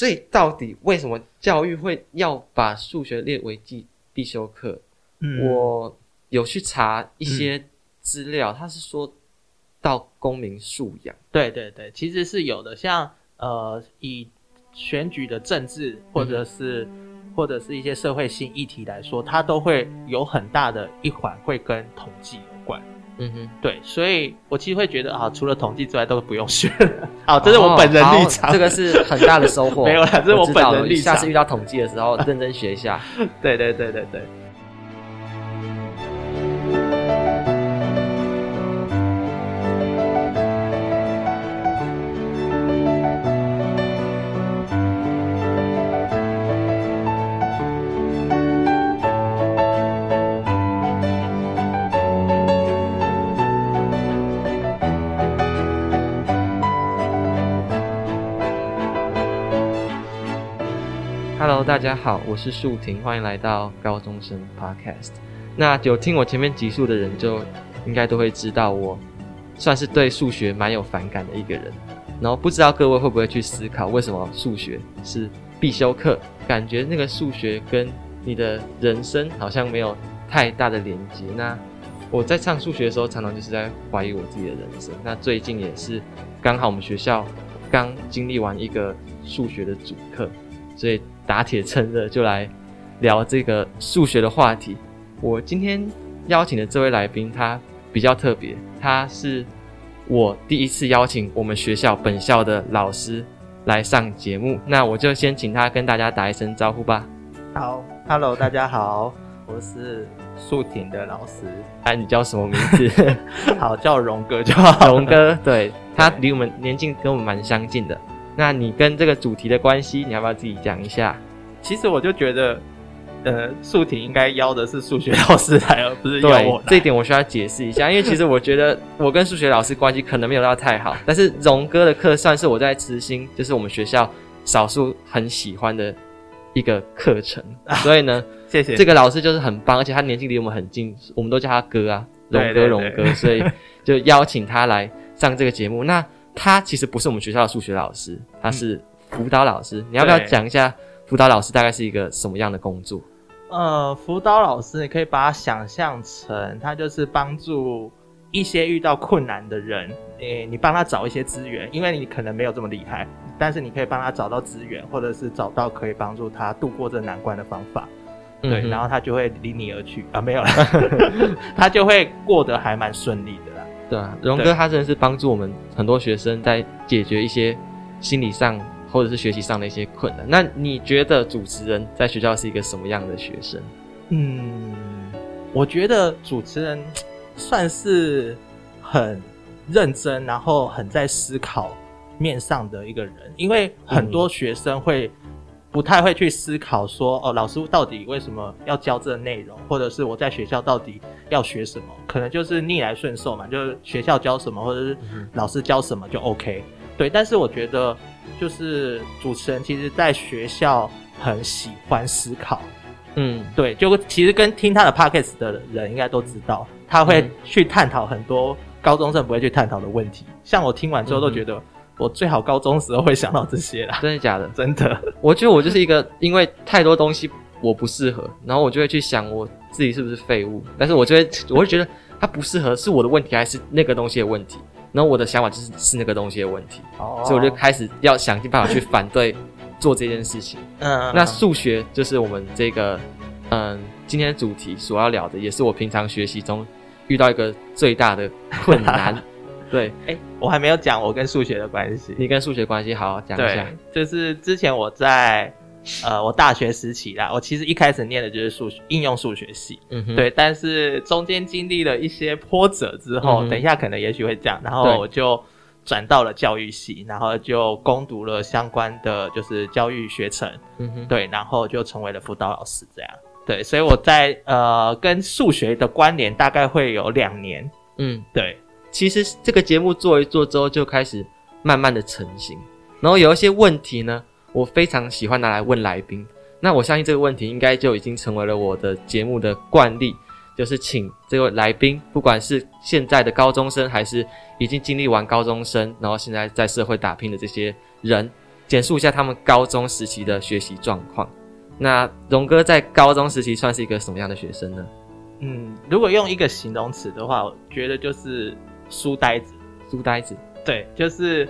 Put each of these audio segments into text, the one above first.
所以到底為什麼教育會要把數學列為必必修課？嗯、我有去查一些資料，嗯、它是說到公民素養。對對對，其實是有的，像呃以選舉的政治或者是、嗯、或者是一些社會性議題來說，它都會有很大的一環會跟統計有關。嗯哼，對，所以我其實會覺得啊，除了統計之外都不用學了。好、啊，這是我本人立場。哦，這個是很大的收穫。 沒有啦，這是我本人立場。下次遇到統計的時候， 認真學一下。對，對對對對對。大家好，我是樹婷。歡迎來到高中生 Podcast。那有聽我前面集數的人，就應該都會知道，我算是對數學蠻有反感的一個人。然後不知道各位會不會去思考，為什麼數學是必修課？感覺那個數學跟你的人生好像沒有太大的連接。那我在上數學的時候，常常就是在懷疑我自己的人生。那最近也是剛好我們學校剛經歷完一個數學的主課，所以。打鐵趁熱，就來聊這個數學的話題。我今天邀請的這位來賓，他比較特別，他是我第一次邀請我們學校本校的老師來上節目。那我就先請他跟大家打一聲招呼吧。好，Hello，大家好，我是素婷的老師。哎、啊，你叫什麼名字？ 好，叫嶸哥，叫嶸哥。對，他離我們年紀跟我們蠻相近的。那你跟這個主題的關係，你要不要自己講一下？其實我就覺得，呃，素婷應該邀的是數學老師來而不是邀我來。對，這一點我需要解釋一下， 因為其實我覺得我跟數學老師關係可能沒有到太好，但是嶸哥的課算是我在慈心，就是我們學校少數很喜歡的一個課程，啊、所以呢，謝謝這個老師就是很棒，而且他年紀離我們很近，我們都叫他哥啊，嶸哥，嶸對哥，所以就邀請他來上這個節目。 那。他其實不是我們學校的數學老師，他是輔導老師。你要不要講一下輔導老師大概是一個什麼樣的工作？呃，輔導老師你可以把它想象成，他就是幫助一些遇到困難的人，欸、你你幫他找一些資源，因為你可能沒有這麼厲害，但是你可以幫他找到資源，或者是找到可以幫助他度過這難關的方法。嗯、哼對，然後他就會離你而去啊，沒有了， 他就會過得還蠻順利的。對啊，嶸哥他真的是幫助我們很多學生在解決一些心理上或者是學習上的一些困難。那你覺得主持人在學校是一個什麼樣的學生？嗯，我覺得主持人算是很認真，然後很在思考面上的一個人，因為很多學生會。不太會去思考說哦，老師到底為什麼要教這個內容，或者是我在學校到底要學什麼？可能就是逆來順受嘛，就是學校教什麼或者是老師教什麼就 OK。對，但是我覺得就是主持人其實在學校很喜歡思考，嗯，對，就其實跟聽他的 podcast 的人應該都知道，他會去探討很多高中生不會去探討的問題。像我聽完之後都覺得。嗯我最好高中時候會想到這些啦，真的假的？真的，我覺得我就是一個，因為太多東西我不適合，然後我就會去想我自己是不是廢物。但是我就會，我會覺得它不適合，是我的問題還是那個東西的問題？然後我的想法就是是那個東西的問題，所以我就開始要想盡辦法去反對做這件事情。嗯，oh. 那數學就是我們這個嗯、呃、今天的主題所要聊的，也是我平常學習中遇到一個最大的困難。 對，哎、欸，我還沒有講我跟數學的關係。你跟數學關係好好講一下。對，就是之前我在呃，我大學時期啦，我其實一開始念的就是數學應用數學系，嗯哼，對。但是中間經歷了一些波折之後，嗯哼，等一下可能也許會講。然後我就轉到了教育系，然後就攻讀了相關的就是教育學程，嗯哼，對。然後就成為了輔導老師這樣。對，所以我在呃跟數學的關聯大概會有兩年，嗯，對。其實這個節目做一做之後，就開始慢慢的成型。然後有一些問題呢，我非常喜歡拿來問來賓。那我相信這個問題應該就已經成為了我的節目的慣例，就是請這位來賓，不管是現在的高中生，還是已經經歷完高中生，然後現在在社會打拼的這些人，簡述一下他們高中時期的學習狀況。那榮哥在高中時期算是一個什麼樣的學生呢？嗯，如果用一個形容詞的話，我覺得就是。書呆子，書呆子，對，就是，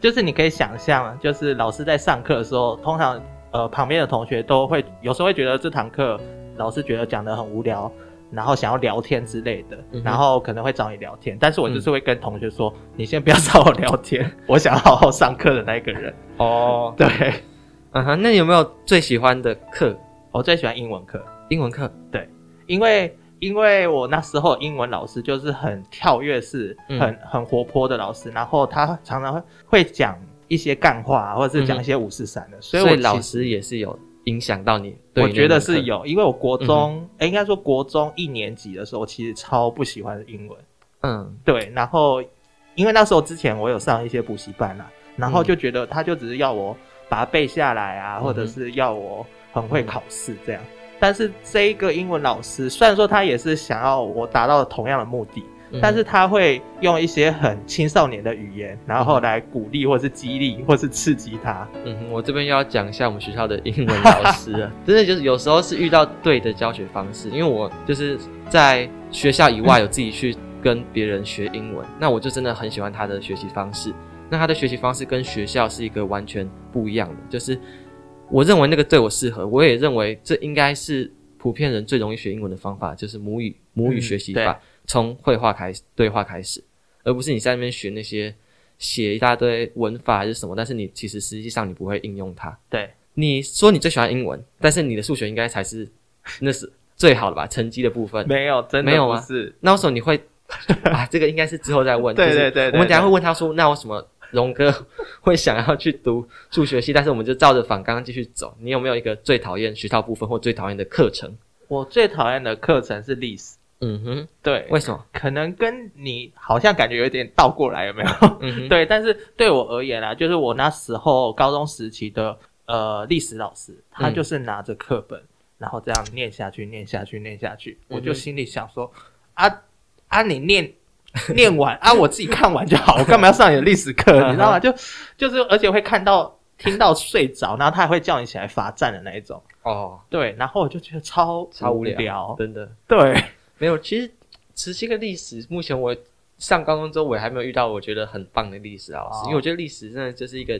就是你可以想象啊，就是老師在上課的時候，通常，呃，旁邊的同學都會有時候會覺得這堂課老師覺得講得很無聊，然後想要聊天之類的，嗯、哼然後可能會找你聊天，但是我就是會跟同學說，嗯、你先不要找我聊天， 我想要好好上課的那個人。哦，oh. 對，嗯哼、uh，huh, 那你有沒有最喜歡的課？我、oh, 最喜歡英文課，英文課，對，因為。因為我那時候英文老師就是很跳躍式，嗯、很很活潑的老師，然後他常常會講一些幹話、啊，或者是講一些五四三的，嗯、哼所以我老師以其實也是有影響到你對。我覺得是有，因為我國中，哎、嗯哼欸，應該說國中一年級的時候，其實超不喜歡英文。嗯，對。然後，因為那時候之前我有上一些補習班啦、啊，然後就覺得他就只是要我把它背下來啊，嗯、哼或者是要我很會考試這樣。但是這一個英文老師，雖然說他也是想要我達到同樣的目的，但是他會用一些很青少年的語言，然後來鼓勵或是激勵或是刺激他。嗯哼，我這邊要講一下我們學校的英文老師了， 真的就是有時候是遇到對的教學方式，因為我就是在學校以外有自己去跟別人學英文，嗯、那我就真的很喜歡他的學習方式。那他的學習方式跟學校是一個完全不一樣的，就是。我認為那個對我適合，我也認為這應該是普遍人最容易學英文的方法，嗯，就是母語母語學習法，從繪畫開始，對話開始，而不是你在那邊學那些寫一大堆文法還是什麼，但是你其實實際上你不會應用它。對，你說你最喜歡英文，但是你的數學應該才是那是最好的吧？ 成績的部分沒有，真的沒有啊。那為什麼你會對啊，這個應該是之後再問。對對對，對對對，我們等一下會問他說，那為什麼？嶸哥會想要去讀數學系，但是我們就照着訪綱剛剛繼續走。你有沒有一個最討厭學校部分或最討厭的課程？我最討厭的課程是歷史。嗯哼，對，為什麼？可能跟你好像感覺有一點倒過來，有沒有？嗯哼，對。但是對我而言啦、啊，就是我那時候高中時期的呃歷史老師，他就是拿着課本，嗯、然後這樣念下去，念下去，念下去，嗯、哼我就心裡想說，啊啊，你念。 念完啊，我自己看完就好，我幹嘛要上你的歷史課？ 你知道嗎？就就是，而且會看到、聽到睡着，然後他還會叫你起來罰站的那一種。哦，對，然後我就覺得超超無聊，無聊真的。對，沒有。其實，慈溪的歷史，目前我上高中之後，我也還沒有遇到我覺得很棒的歷史老師，哦，因為我覺得歷史真的就是一個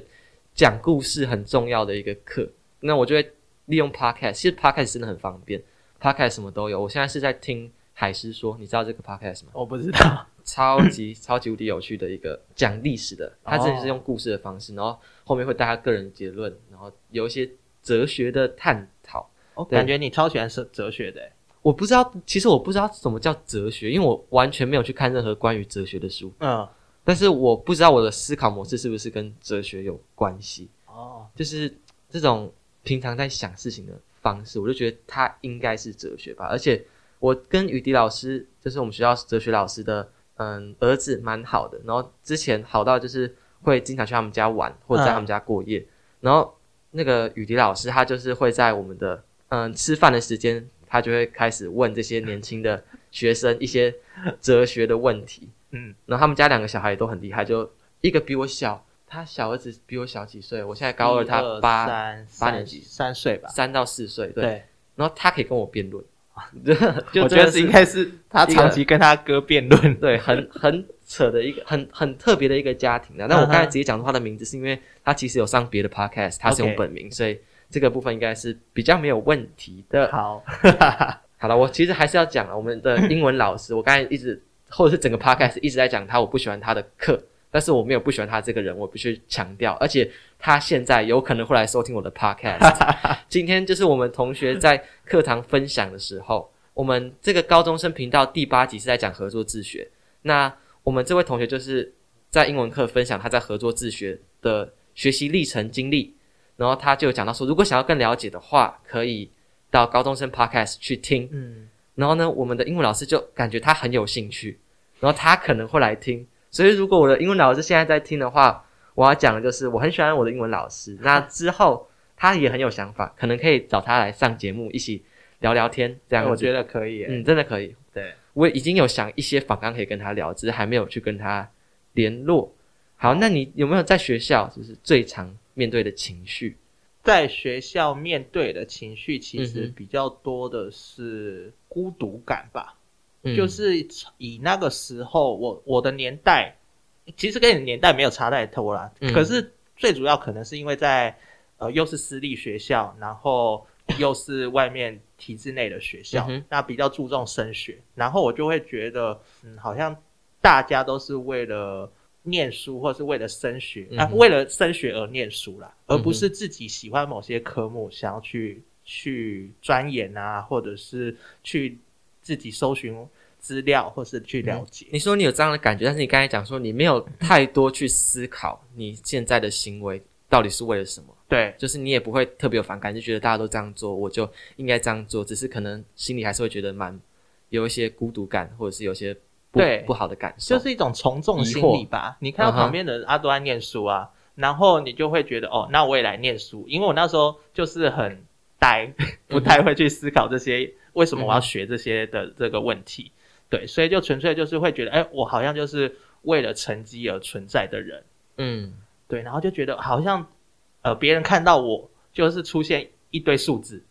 講故事很重要的一個課。那我就會利用 Podcast，其實 Podcast 真的很方便，Podcast 什麼都有。我現在是在聽海獅說，你知道這個 Podcast 嗎？我不知道。超級 超級無敵有趣的一個講歷史的，他真的是用故事的方式，哦、然後後面會帶他個人結論，然後有一些哲學的探討。哦、對感覺你超喜歡哲哲學的。我不知道，其實我不知道什麼叫哲學，因為我完全沒有去看任何關於哲學的書。嗯，但是我不知道我的思考模式是不是跟哲學有關係，哦，就是這種平常在想事情的方式，我就覺得它應該是哲學吧。而且我跟雨迪老師，就是我們學校哲學老師的。嗯，兒子蠻好的。然後之前好到就是會經常去他們家玩，或者在他們家過夜。嗯，然後那個雨迪老師，他就是會在我們的嗯吃飯的時間，他就會開始問這些年輕的學生一些哲學的問題。嗯，然後他們家兩個小孩也都很厲害，就一個比我小，他小兒子比我小幾歲，我現在高二，他八八年級，三，三歲吧，三到四歲，對。對，然後他可以跟我辯論。 就我覺得是應該是他長期跟他哥辯論，對，很很扯的一個，很很特別的一個家庭的。那 我剛才直接講他的名字，是因為他其實有上別的 podcast，他是用本名，Okay. 所以這個部分應該是比較沒有問題的。好，哈哈哈，好了，我其實還是要講了，我們的英文老師，我剛才一直或者是整個 podcast 一直在講他，我不喜歡他的課。但是我沒有不喜歡他這個人，我必須強調，而且他現在有可能會來收聽我的 podcast。 今天就是我們同學在課堂分享的時候，我們這個高中生頻道第八集是在講合作自學。那我們這位同學就是在英文課分享他在合作自學的學習歷程經歷，然後他就講到說，如果想要更了解的話，可以到高中生 podcast 去聽。嗯，然後呢，我們的英文老師就感覺他很有興趣，然後他可能會來聽。所以，如果我的英文老師現在在聽的話，我要講的就是我很喜歡我的英文老師。那之後，他也很有想法，可能可以找他來上節目，一起聊聊天。嗯、這樣我覺得可以，嗯，真的可以。對，我已經有想一些訪綱可以跟他聊，只是還沒有去跟他聯絡。好，那你有沒有在學校就是最常面對的情緒？在學校面對的情緒，其實比較多的是孤獨感吧。嗯就是以那個時候，我我的年代，其實跟你的年代沒有差太多啦。嗯、可是最主要可能是因為在呃，又是私立學校，然後又是外面體制內的學校，嗯、哼那比較注重升學，然後我就會覺得，嗯，好像大家都是為了念書，或是為了升學，那、嗯哼啊、為了升學而念書啦，而不是自己喜歡某些科目，嗯、哼想要去去鑽研啊，或者是去。自己搜尋資料，或是去了解、嗯。你說你有這樣的感覺，但是你剛才講說你沒有太多去思考你現在的行為到底是為了什麼？對，就是你也不會特別有反感，就覺得大家都這樣做，我就應該這樣做。只是可能心裡還是會覺得蠻有一些孤獨感，或者是有些不對不好的感受，就是一種從眾心理吧。惑你看到旁邊的人都在念書啊，uh huh、然後你就會覺得哦，那我也來念書。因為我那時候就是很呆，不太會去思考這些。 為什麼我要學這些的這個問題？嗯、對，所以就純粹就是會覺得，哎、欸，我好像就是為了成績而存在的人。嗯，對，然後就覺得好像，呃，別人看到我就是出現一堆數字。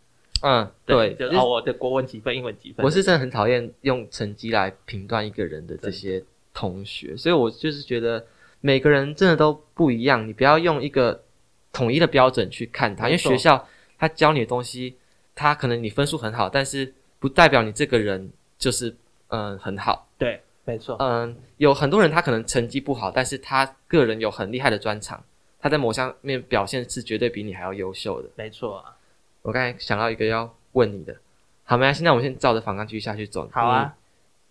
嗯，對，對就是、哦、我的國文幾分，英文幾分。我是真的很討厭用成績來評斷一個人的這些同學，對對對，所以我就是覺得每個人真的都不一樣，你不要用一個統一的標準去看他，沒錯。因為學校他教你的東西。他可能你分數很好，但是不代表你這個人就是嗯很好。對，沒錯。嗯，有很多人他可能成績不好，但是他個人有很厲害的專長，他在某方面表現是絕對比你還要優秀的。沒錯啊，我剛才想到一個要問你的，好，沒關係，那現在我們先照着訪綱繼續下去走。好啊。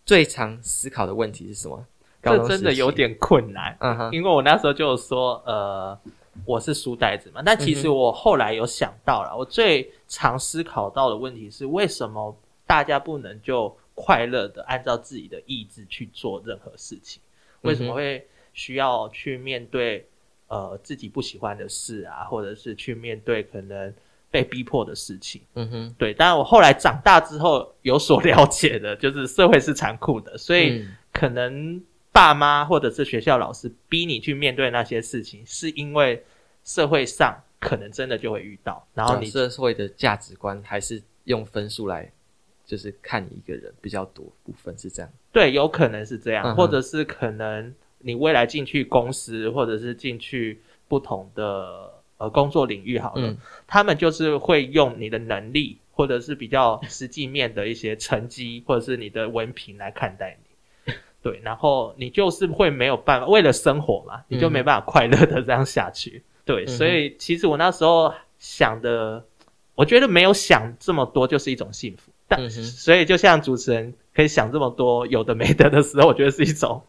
最常思考的問題是什麼？這真的有點困難。嗯哼，因為我那時候就說，呃。我是書呆子嘛，但其實我後來有想到了，嗯、哼我最常思考到的問題是，為什麼大家不能就快樂的按照自己的意志去做任何事情？為什麼會需要去面對、嗯、哼呃自己不喜歡的事啊，或者是去面對可能被逼迫的事情？嗯哼，對。但我後來長大之後有所了解的，就是社會是殘酷的，所以可能。爸媽或者是學校老師逼你去面對那些事情，是因為社會上可能真的就會遇到，然後你、啊、社會的價值觀還是用分數來，就是看你一個人比較多部分是這樣。對，有可能是這樣，嗯哼，或者是可能你未來進去公司或者是進去不同的呃工作領域好了，嗯、他們就是會用你的能力或者是比較實際面的一些成績或者是你的文憑來看待你。對，然後你就是會沒有辦法，為了生活嘛，你就沒辦法快樂的這樣下去。對，嗯、哼所以其實我那時候想的，我覺得沒有想這麼多，就是一種幸福。但是，嗯、哼所以就像主持人可以想這麼多有的沒得的的時候，我覺得是一種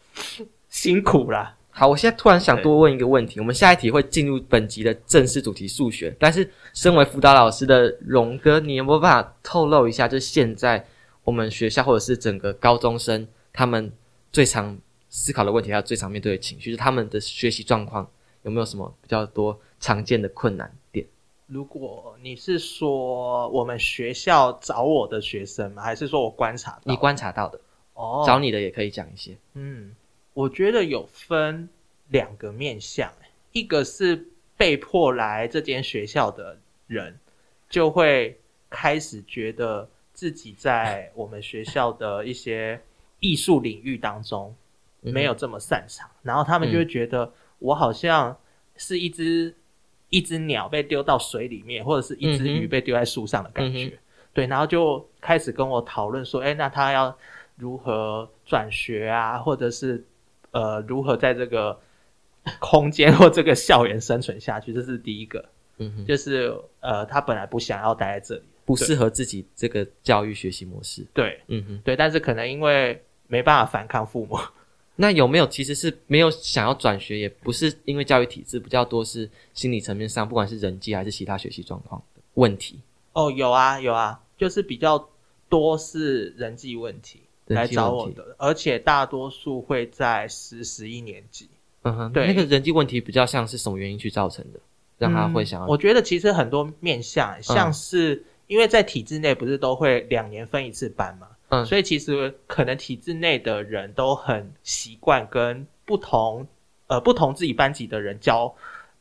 辛苦啦。好，我現在突然想多問一個問題，對我們下一題會進入本集的正式主題數學，但是身為輔導老師的嶸哥，你有沒有辦法透露一下，就是現在我們學校或者是整個高中生他們？最常思考的問題，還有最常面對的情緒，就是他們的學習狀況，有沒有什麼比較多常見的困難點？如果你是說我們學校找我的學生嗎？還是說我觀察到的？你觀察到的。哦，oh, 找你的也可以講一些。嗯，我覺得有分兩個面向，一個是被迫來這間學校的人，就會開始覺得自己在我們學校的一些。 藝術領域當中沒有這麼擅長，嗯哼，然後他們就會覺得我好像是一隻、嗯哼，一隻鳥被丟到水裡面，或者是一隻魚被丟在樹上的感覺。嗯哼，對，然後就開始跟我討論說：“哎、嗯哼，欸，那他要如何轉學啊？或者是呃，如何在這個空間或這個校園生存下去？”這是第一個，嗯哼，就是呃，他本來不想要待在這裡，不適合自己這個教育學習模式。對，嗯哼，對，對，但是可能因為。沒辦法反抗父母。那有沒有其實是沒有想要轉學，也不是因為教育體制，比較多是心理層面上，不管是人際還是其他學習狀況的問題。哦，有啊有啊，就是比較多是人際問題來找我的，而且大多數會在十、十一年級。嗯哼，對，那個人際問題比較像是什麼原因去造成的，嗯、讓他會想要？我覺得其實很多面向，像是因為在體制內不是都會兩年分一次班嗎？嗯，所以其實可能體制內的人都很習慣跟不同呃不同自己班級的人交，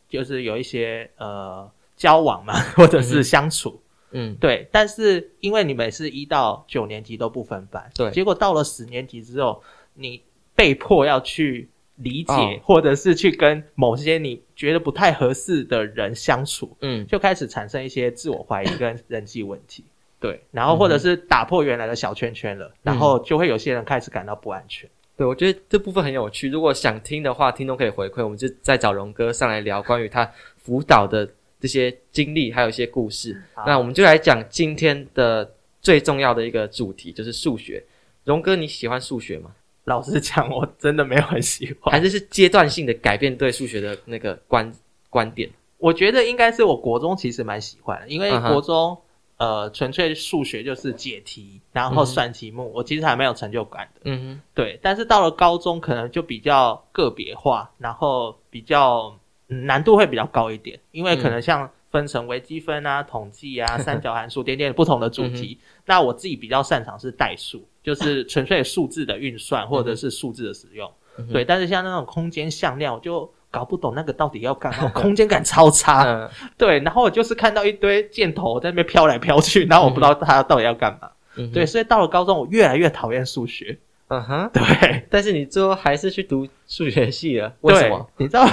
就是有一些呃交往嘛，或者是相處，嗯,嗯，對。但是因為你們是一到九年級都不分班，對，結果到了十年級之後，你被迫要去理解，哦、或者是去跟某些你覺得不太合適的人相處，嗯，就開始產生一些自我懷疑跟人際問題。 對，然後或者是打破原來的小圈圈了，嗯、哼然後就會有些人開始感到不安全。對，我覺得這部分很有趣，如果想聽的話，聽眾可以回饋。我們就再找嶸哥上來聊關於他輔導的這些經歷，還有一些故事。好那我們就來講今天的最重要的一個主題，就是數學。嶸哥，你喜歡數學嗎？老實講，我真的沒有很喜歡，還是是階段性的改變對數學的那個觀觀點。我覺得應該是我國中其實蠻喜歡的，因為國中、嗯。呃，純粹數學就是解題，然後算題目，嗯、哼我其實還沒有成就感的。嗯哼，對。但是到了高中，可能就比較個別化，然後比較、嗯、難度會比較高一點，因為可能像分成微積分啊、統計啊、三角函數呵呵點點不同的主題。嗯、哼那我自己比較擅長是代數，就是純粹數字的運算或者是數字的使用。嗯、哼對，但是像那種空間向量我就。搞不懂那個到底要幹、哦、空間感超差， 嗯、對。然後我就是看到一堆箭頭在那邊飄來飄去，然後我不知道他到底要幹嘛，嗯哼，對。所以到了高中，我越來越討厭數學，嗯哼，對。但是你最後還是去讀數學系了，為什麼？你知道，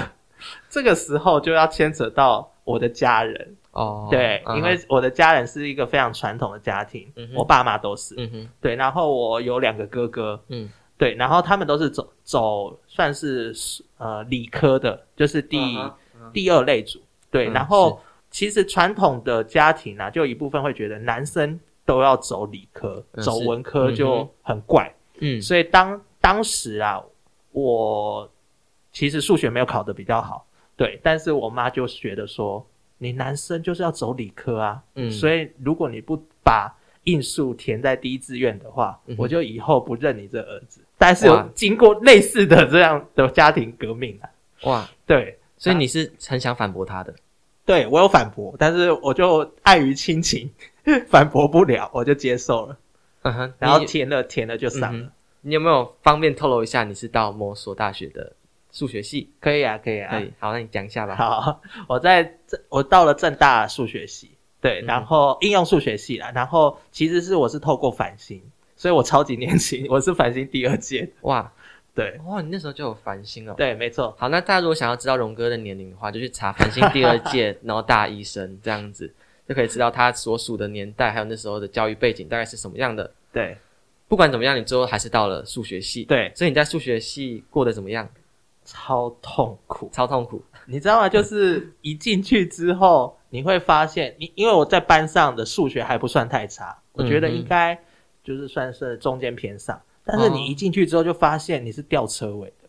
這個時候就要牽扯到我的家人哦，對，嗯哼，因為我的家人是一個非常傳統的家庭，嗯哼，我爸媽都是，嗯哼，對。然後我有兩個哥哥，嗯。對，然後他們都是走走，算是呃理科的，就是第、uh huh, uh huh. 第二類組。對，嗯、然後是其實傳統的家庭啊，就有一部分會覺得男生都要走理科，是走文科就很怪。嗯哼，所以當當時啊，我其實數學沒有考得比較好，對，但是我媽就覺得說，你男生就是要走理科啊，嗯，所以如果你不把應數填在第一志願的話，嗯、哼我就以後不認你這兒子。但是有經過類似的這樣的家庭革命、啊，哇，對，啊、所以你是很想反駁他的，對，我有反駁，但是我就礙於親情反駁不了，我就接受了，嗯哼，然後甜了甜了就散了你、嗯。你有沒有方便透露一下你是到某所大學的數學系？可以啊，可以啊，好，那你講一下吧。好，我在這，我到了政大數學系，對，嗯、哼然後應用數學系了，然後其實是我是透過繁星。所以我超級年輕，我是繁星第二屆。哇，對，哇，你那時候就有繁星了喔？對，沒錯。好，那大家如果想要知道嶸哥的年齡的話，就去查繁星第二屆， 然後大醫生這樣子，就可以知道他所屬的年代，還有那時候的教育背景大概是什麼樣的。對，不管怎麼樣，你最後還是到了數學系。對，所以你在數學系過得怎麼樣？超痛苦，超痛苦。你知道嗎？就是一進去之後， 你會發現，你因為我在班上的數學還不算太差，嗯哼。我覺得應該。就是算是中間偏上，但是你一進去之後就發現你是吊車尾的，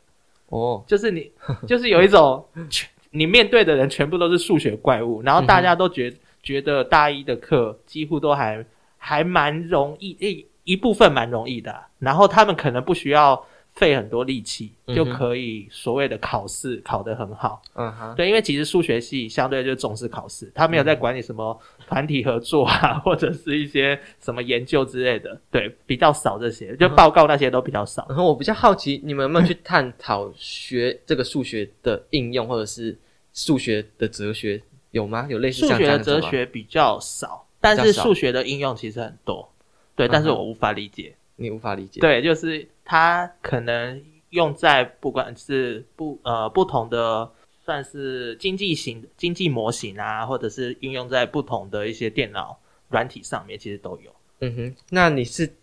哦，oh. 就是你就是有一種 全，你面對的人全部都是數學怪物，然後大家都覺覺得大一的課幾乎都還還蠻容易，一部分蠻容易的，然後他們可能不需要。費很多力氣、嗯、哼就可以所謂的考試考得很好，嗯哼，對，因為其實數學系相對就是重視考試，他沒有在管你什麼團體合作啊，嗯、哼或者是一些什麼研究之類的，對，比較少這些，就報告那些都比較少。然後、嗯嗯、我比較好奇，你們有沒有去探討學這個數學的應用， 或者是數學的哲學，有嗎？有類似數學的哲學比較少，但是數學的應用其實很多，對，嗯、哼但是我無法理解，你無法理解，對，就是。它可能用在不管是不呃不同的算是經濟型經濟模型啊，或者是應用在不同的一些電腦軟體上面，其實都有。嗯哼，那你是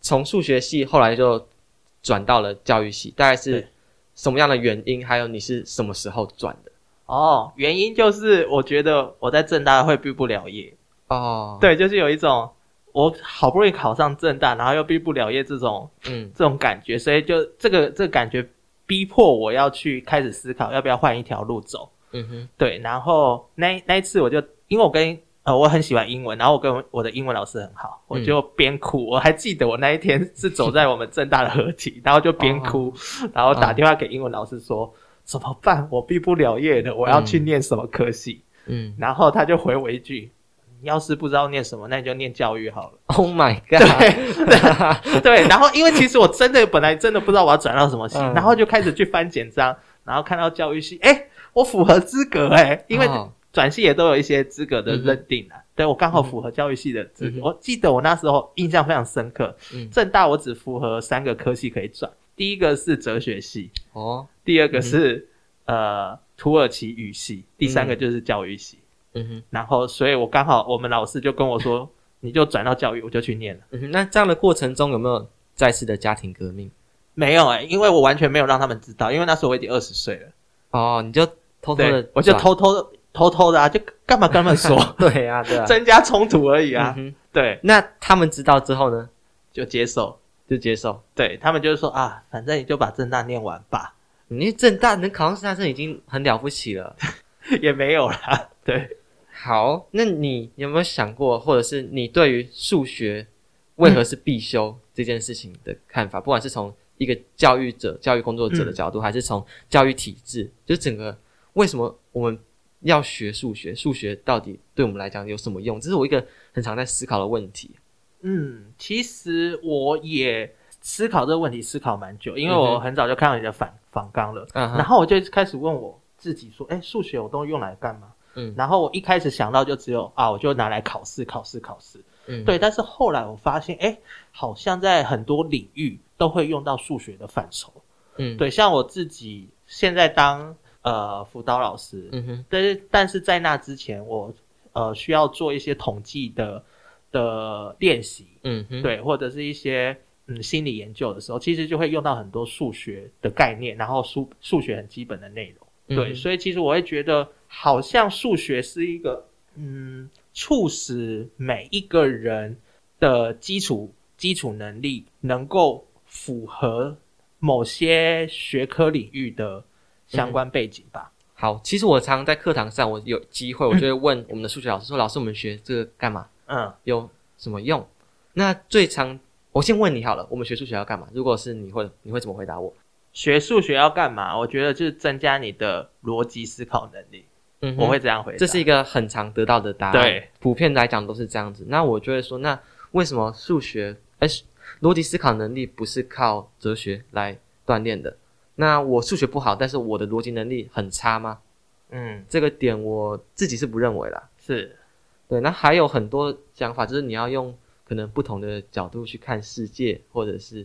從數學系後來就轉到了教育系，大概是什麼樣的原因？對還有你是什麼時候轉的？哦，原因就是我覺得我在政大會畢不了業。哦，對，就是有一種。我好不容易考上政大，然後又畢不了業，這種，嗯，這種感覺，所以就這個這個感覺逼迫我要去開始思考，要不要換一條路走，嗯哼，對。然後那那一次，我就因為我跟呃我很喜歡英文，然後我跟我的英文老師很好，我就邊哭，嗯、我還記得我那一天是走在我們政大的河堤，嗯、哼然後就邊哭，嗯、哼然後打電話給英文老師說、啊、怎麼辦，我畢不了業的，我要去念什麼科系，嗯，嗯然後他就回我一句。你要是不知道念什麼，那你就念教育好了。Oh my god！對，對, 對，然後因為其實我真的 本來真的不知道我要轉到什麼系，嗯、然後就開始去翻簡章，然後看到教育系，哎、欸，我符合資格哎、欸，因為轉系也都有一些資格的認定啊，嗯、哼對我剛好符合教育系的資格，嗯、哼我記得我那時候印象非常深刻，政、嗯、大我只符合三個科系可以轉，第一個是哲學系，哦，第二個是、嗯、呃土耳其語系，第三個就是教育系。嗯哼，然後，所以我剛好，我們老師就跟我說， 你就轉到教育，我就去念了、嗯哼。那這樣的過程中有沒有再次的家庭革命？沒有、欸、因為我完全沒有讓他們知道，因為那時候我已經二十歲了。哦，你就偷偷的，的，我就偷偷偷偷的啊，就幹嘛跟他們說？ 對啊，對啊。增加衝突而已啊。嗯、哼對，那他們知道之後呢，就接受，就接受。對他們就是說啊，反正你就把政大念完吧，你政大能考上師大已經很了不起了， 也沒有啦。對，好，那你有沒有想過，或者是你對於數學為何是必修這件事情的看法？嗯、不管是從一個教育者、教育工作者的角度，嗯、還是從教育體制，就是整個為什麼我們要學數學？數學到底對我們來講有什麼用？這是我一個很常在思考的問題。嗯，其實我也思考這個問題，思考蠻久，因為我很早就看到你的反、嗯、哼訪綱了，嗯、哼然後我就開始問我自己說：誒、欸，數學我都用來幹嘛？嗯，然後我一開始想到就只有啊，我就拿來考試，考試，考試。嗯，對。但是後來我發現，哎，好像在很多領域都會用到數學的範疇。嗯，對。像我自己現在當呃輔導老師，嗯哼，但是但是在那之前我，我呃需要做一些統計的的練習，嗯哼，對，或者是一些嗯心理研究的時候，其實就會用到很多數學的概念，然後數數學很基本的內容，嗯，對。所以其實我會覺得。好像數學是一個，嗯，促使每一個人的基礎基礎能力能夠符合某些學科領域的相關背景吧。嗯、好，其實我常常在課堂上，我有機會，我就會問我們的數學老師說：“嗯、老師，我們學這個幹嘛？嗯，有什麼用？”那最常我先問你好了，我們學數學要幹嘛？如果是你會，你會怎麼回答我？學數學要幹嘛？我覺得就是增加你的邏輯思考能力。嗯，我會這樣回答。這是一個很常得到的答案。對，普遍來講都是這樣子。那我就會說，那為什麼數學？誒、呃，邏輯思考能力不是靠哲學來鍛鍊的？那我數學不好，但是我的邏輯能力很差嗎？嗯，這個點我自己是不認為啦。是對。那還有很多想法，就是你要用可能不同的角度去看世界，或者是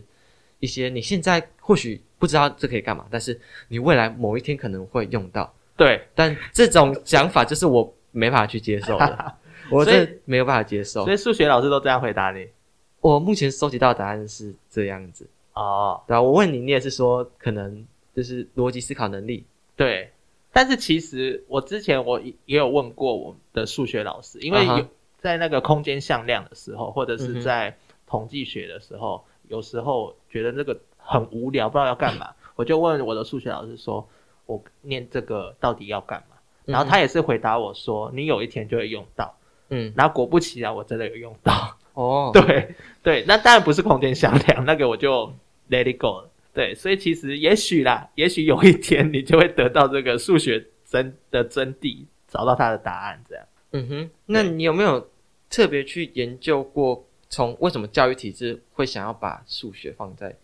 一些你現在或許不知道這可以幹嘛，但是你未來某一天可能會用到。對，但這種講法就是我沒辦法去接受的， 我這沒有辦法接受。所以數學老師都這樣回答你？我目前收集到的答案是這樣子哦，對吧？我問你，你也是說可能就是邏輯思考能力對？但是其實我之前我也有問過我的數學老師，因為有、uh huh. 在那個空間向量的時候，或者是在統計學的時候，uh huh. 有時候覺得那個很無聊，uh huh. 不知道要幹嘛，我就問我的數學老師說。我念這個到底要幹嘛？然後他也是回答我說：“嗯、你有一天就會用到。”嗯，然後果不其然，我真的有用到。哦，對對，那當然不是空間響亮，那個我就 let it go 了。對，所以其實也許啦，也許有一天你就會得到這個數學真的真諦，找到它的答案。這樣，嗯哼，那你有沒有特別去研究過，從為什麼教育體制會想要把數學放在？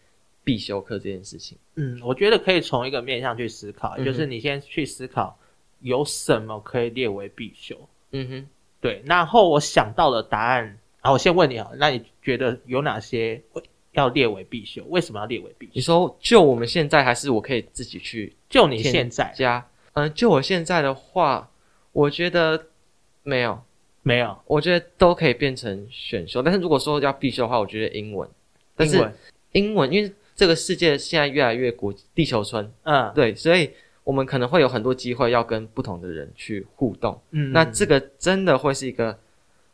必修課這件事情，嗯，我覺得可以從一個面向去思考，嗯、哼就是你先去思考有什麼可以列為必修。嗯哼，對。然後我想到的答案，啊，我先問你啊，那你覺得有哪些要列為必修？為什麼要列為必修？你說就我們現在，還是我可以自己去？就你現在？家，嗯，就我現在的話，我覺得沒有，沒有，我覺得都可以變成選修。但是如果說要必修的話，我覺得英文，但是英文因為。這個世界現在越來越國，地球村，嗯，對，所以，我們可能會有很多機會要跟不同的人去互動，嗯，那這個真的會是一個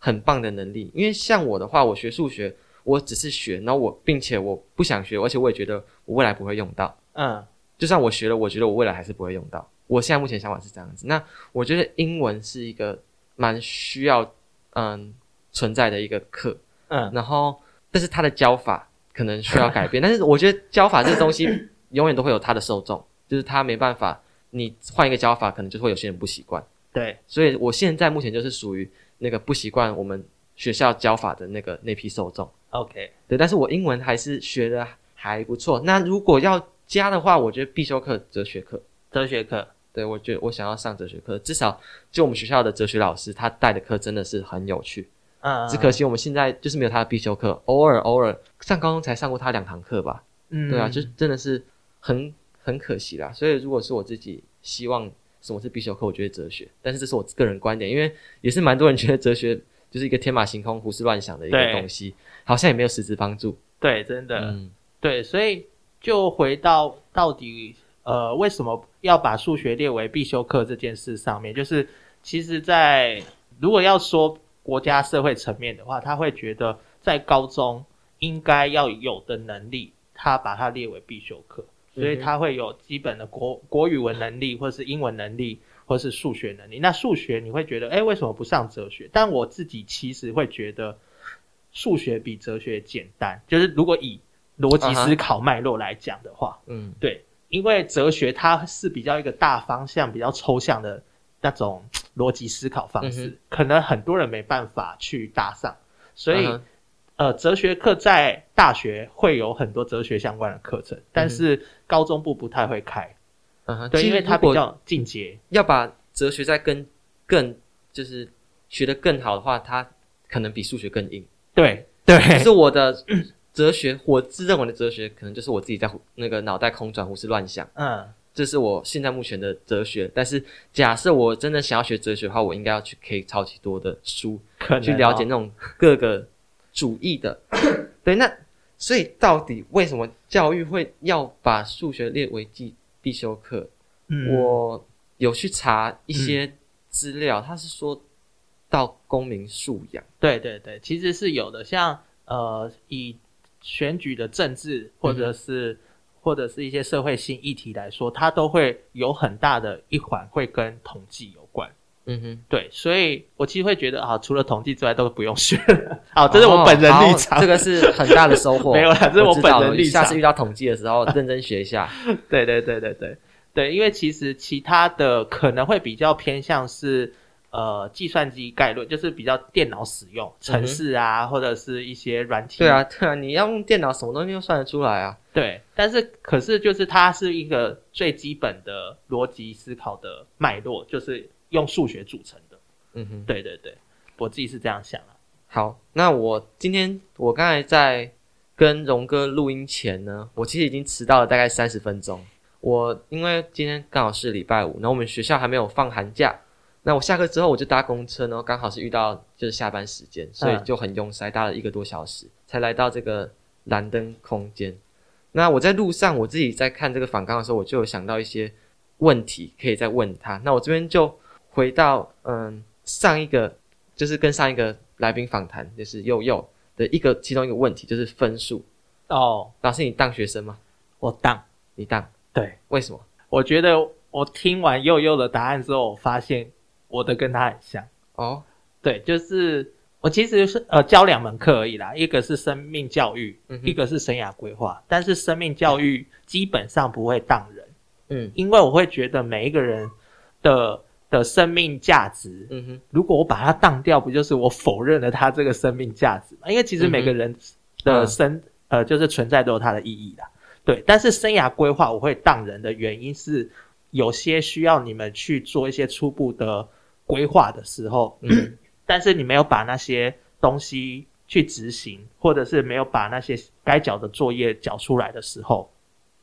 很棒的能力，因為像我的話，我學數學，我只是學，然後我，並且我不想學，而且我也覺得我未來不會用到，嗯，就算我學了，我覺得我未來還是不會用到。我現在目前想法是這樣子，那我覺得英文是一個蠻需要，嗯，存在的一個課，嗯，然後，但是它的教法。可能需要改變，但是我覺得教法這個東西永遠都會有它的受眾， 就是它沒辦法，你換一個教法，可能就會有些人不習慣。對，所以我現在目前就是屬於那個不習慣我們學校教法的那個那批受眾。OK，對，但是我英文還是學的還不錯。那如果要加的話，我覺得必修課哲學課，哲學課，對，我覺得我想要上哲學課，至少就我們學校的哲學老師他帶的課真的是很有趣。嗯，只可惜我們現在就是沒有他的必修課，偶爾偶爾上高中才上過他兩堂課吧。嗯，對啊，就真的是很很可惜啦。所以如果是我自己希望什麼是必修課，我覺得哲學，但是這是我個人觀點，因為也是蠻多人覺得哲學就是一個天馬行空、胡思亂想的一個東西，對好像也沒有實質幫助。對，真的。嗯，對，所以就回到到底，呃，為什麼要把數學列為必修課這件事上面，就是其實在，如果要說。國家社會層面的話，他會覺得在高中應該要有的能力，他把它列為必修課，所以他會有基本的國國語文能力，或是英文能力，或是數學能力。那數學你會覺得，誒，為什麼不上哲學？但我自己其實會覺得，數學比哲學簡單，就是如果以邏輯思考脈絡來講的話，嗯、Uh-huh. 對，因為哲學它是比較一個大方向，比較抽象的。那種邏輯思考方式，嗯、哼可能很多人沒辦法去搭上。所以，嗯、哼呃，哲學課在大學會有很多哲學相關的課程，但是高中部不太會開。嗯哼，對，因為它比較進階。要把哲學再跟更更就是學得更好的話，它可能比數學更硬。對對。可是我的哲學，我自認為的哲學，可能就是我自己在那個腦袋空轉胡思亂想。嗯。這是我現在目前的哲學，但是假設我真的想要學哲學的話，我應該要去 k 超級多的書，哦、去了解那種各個主義的。 對，那所以到底為什麼教育會要把數學列為必必修課？嗯、我有去查一些資料，嗯、它是說到公民素養。對對對，其實是有的，像呃，以選舉的政治或者是、嗯。或者是一些社會性議題來說，它都會有很大的一環會跟統計有關。嗯哼，對，所以我其實會覺得啊、哦，除了統計之外都不用學了。好、哦，這是我本人立場。哦，這個是很大的收穫。 沒有啦，這是我本人立場。下次遇到統計的時候，認真學一下。 對對對對對對，因為其實其他的可能會比較偏向是。呃，計算機概論就是比較電腦使用、程式啊，嗯、哼或者是一些軟體。對啊，對啊，你要用電腦，什麼東西都算得出來啊。對，但是可是就是它是一個最基本的邏輯思考的脈絡，就是用數學組成的。嗯哼，對對對，我自己是這樣想啊。好，那我今天我剛才在跟嶸哥錄音前呢，我其實已經遲到了大概三十分鐘。我因為今天剛好是禮拜五，然後我們學校還沒有放寒假。那我下課之後，我就搭公車呢，然後剛好是遇到就是下班時間，所以就很擁塞，搭了一個多小時、嗯、才來到這個蘭燈空間。那我在路上，我自己在看這個訪綱的時候，我就有想到一些問題可以再問他。那我這邊就回到嗯上一個，就是跟上一個來賓訪談，就是佑佑的一個其中一個問題，就是分數。哦，老師，你當學生嗎？我當，你當？對，為什麼？我覺得我聽完佑佑的答案之後，我發現。我的跟他很像哦，oh. 對，就是我其實是呃教兩門課而已啦，一個是生命教育，mm hmm. 一個是生涯規劃。但是生命教育基本上不會當人，嗯、mm，hmm. 因為我會覺得每一個人的的生命價值，嗯哼、mm，hmm. 如果我把它當掉，不就是我否認了他這個生命價值嘛？因為其實每個人的生、mm hmm. 呃就是存在都有它的意義啦。對。但是生涯規劃我會當人的原因是有些需要你們去做一些初步的。規劃的時候，嗯，但是你沒有把那些東西去執行，或者是沒有把那些該繳的作業繳出來的時候，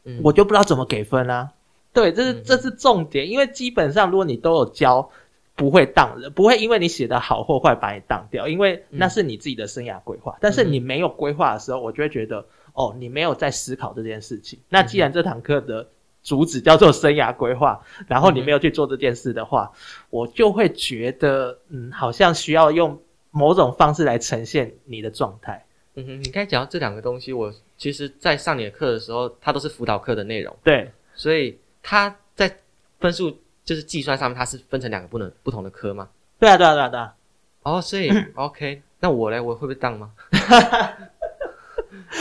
嗯，我就不知道怎麼給分啦、啊。對，這是、嗯、這是重點，因為基本上如果你都有交，不會當的，不會因為你寫得好或壞把你當掉，因為那是你自己的生涯規劃。嗯、但是你沒有規劃的時候，我就會覺得，哦，你沒有在思考這件事情。那既然這堂課的。主旨叫做生涯規劃，然後你沒有去做這件事的話，嗯、我就會覺得，嗯，好像需要用某種方式來呈現你的狀態。嗯，哼，你剛才講到這兩個東西，我其實在上你的課的時候，它都是輔導課的內容。對，所以它在分數就是計算上面，它是分成兩個不能不同的科嗎？對啊，對啊，對啊，對啊。哦，oh, 所以 OK，那我咧，我會不會當嗎？哈哈嗎？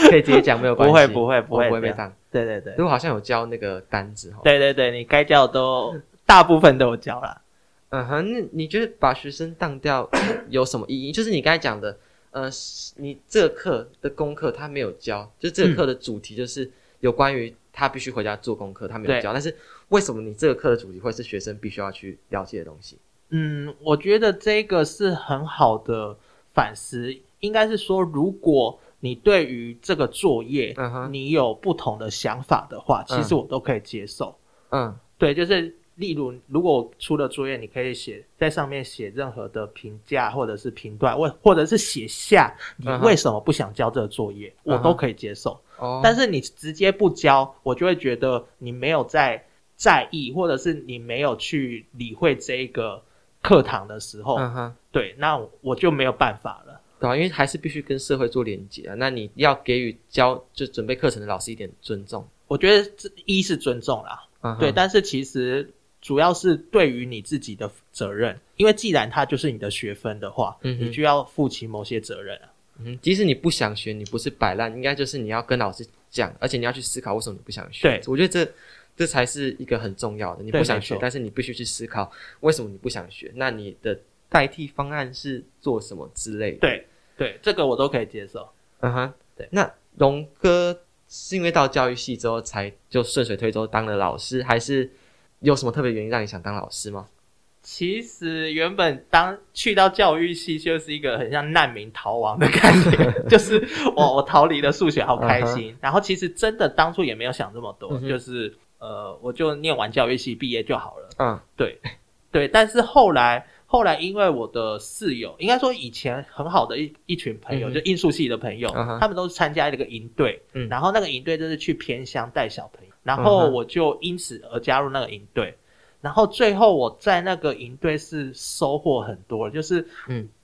可以直接講沒有關係，不會不會不會我不會被當。對對對，如果好像有交那個單子對對對，你該交的都大部分都有交了。嗯哼，那你覺得把學生當掉 有什麼意義？就是你剛才講的，呃，你這課的功課他沒有教，就這個課的主題就是有關於他必須回家做功課，他沒有交。對但是為什麼你這個課的主題會是學生必須要去了解的東西？嗯，我覺得這個是很好的反思，應該是說如果。你對於這個作業，你有不同的想法的話，uh huh. 其實我都可以接受。嗯、uh huh. 對，就是例如如果出了作業，你可以寫在上面寫任何的評價或者是評斷，或或者是寫下你為什麼不想交這個作業，uh huh. 我都可以接受。Uh huh. oh. 但是你直接不交，我就會覺得你沒有在在意，或者是你沒有去理會這一個課堂的時候，嗯、uh huh. 對，那我就沒有辦法了。Uh huh. 因為還是必須跟社會做連接啊。那你要給予教就準備課程的老師一點尊重，我覺得這一是尊重啦，啊、哼對，但是其實主要是對於你自己的責任，因為既然它就是你的學分的話，嗯、哼你就要負起某些責任啊。嗯，即使你不想學，你不是擺爛，應該就是你要跟老師講，而且你要去思考為什麼你不想學。對，我覺得這這才是一個很重要的。你不想學，對但是你必須去思考為什麼你不想學。那你的代替方案是做什麼之類的？對。對，這個我都可以接受。嗯哼、uh-huh. 對。那嶸哥是因為到教育系之後，才就順水推舟當了老師，還是有什麼特別原因讓你想當老師嗎？其實原本當去到教育系就是一個很像難民逃亡的感覺，就是我我逃離了數學，好開心。Uh huh. 然後其實真的當初也沒有想這麼多，uh huh. 就是呃，我就念完教育系畢業就好了。嗯、uh-huh. 對對。但是後來。後來，因為我的室友，應該說以前很好的一一群朋友，嗯、哼就藝術系的朋友，嗯、哼他們都是參加了一個營隊，嗯、然後那個營隊就是去偏鄉帶小朋友，嗯、哼然後我就因此而加入那個營隊，然後最後我在那個營隊是收穫很多，就是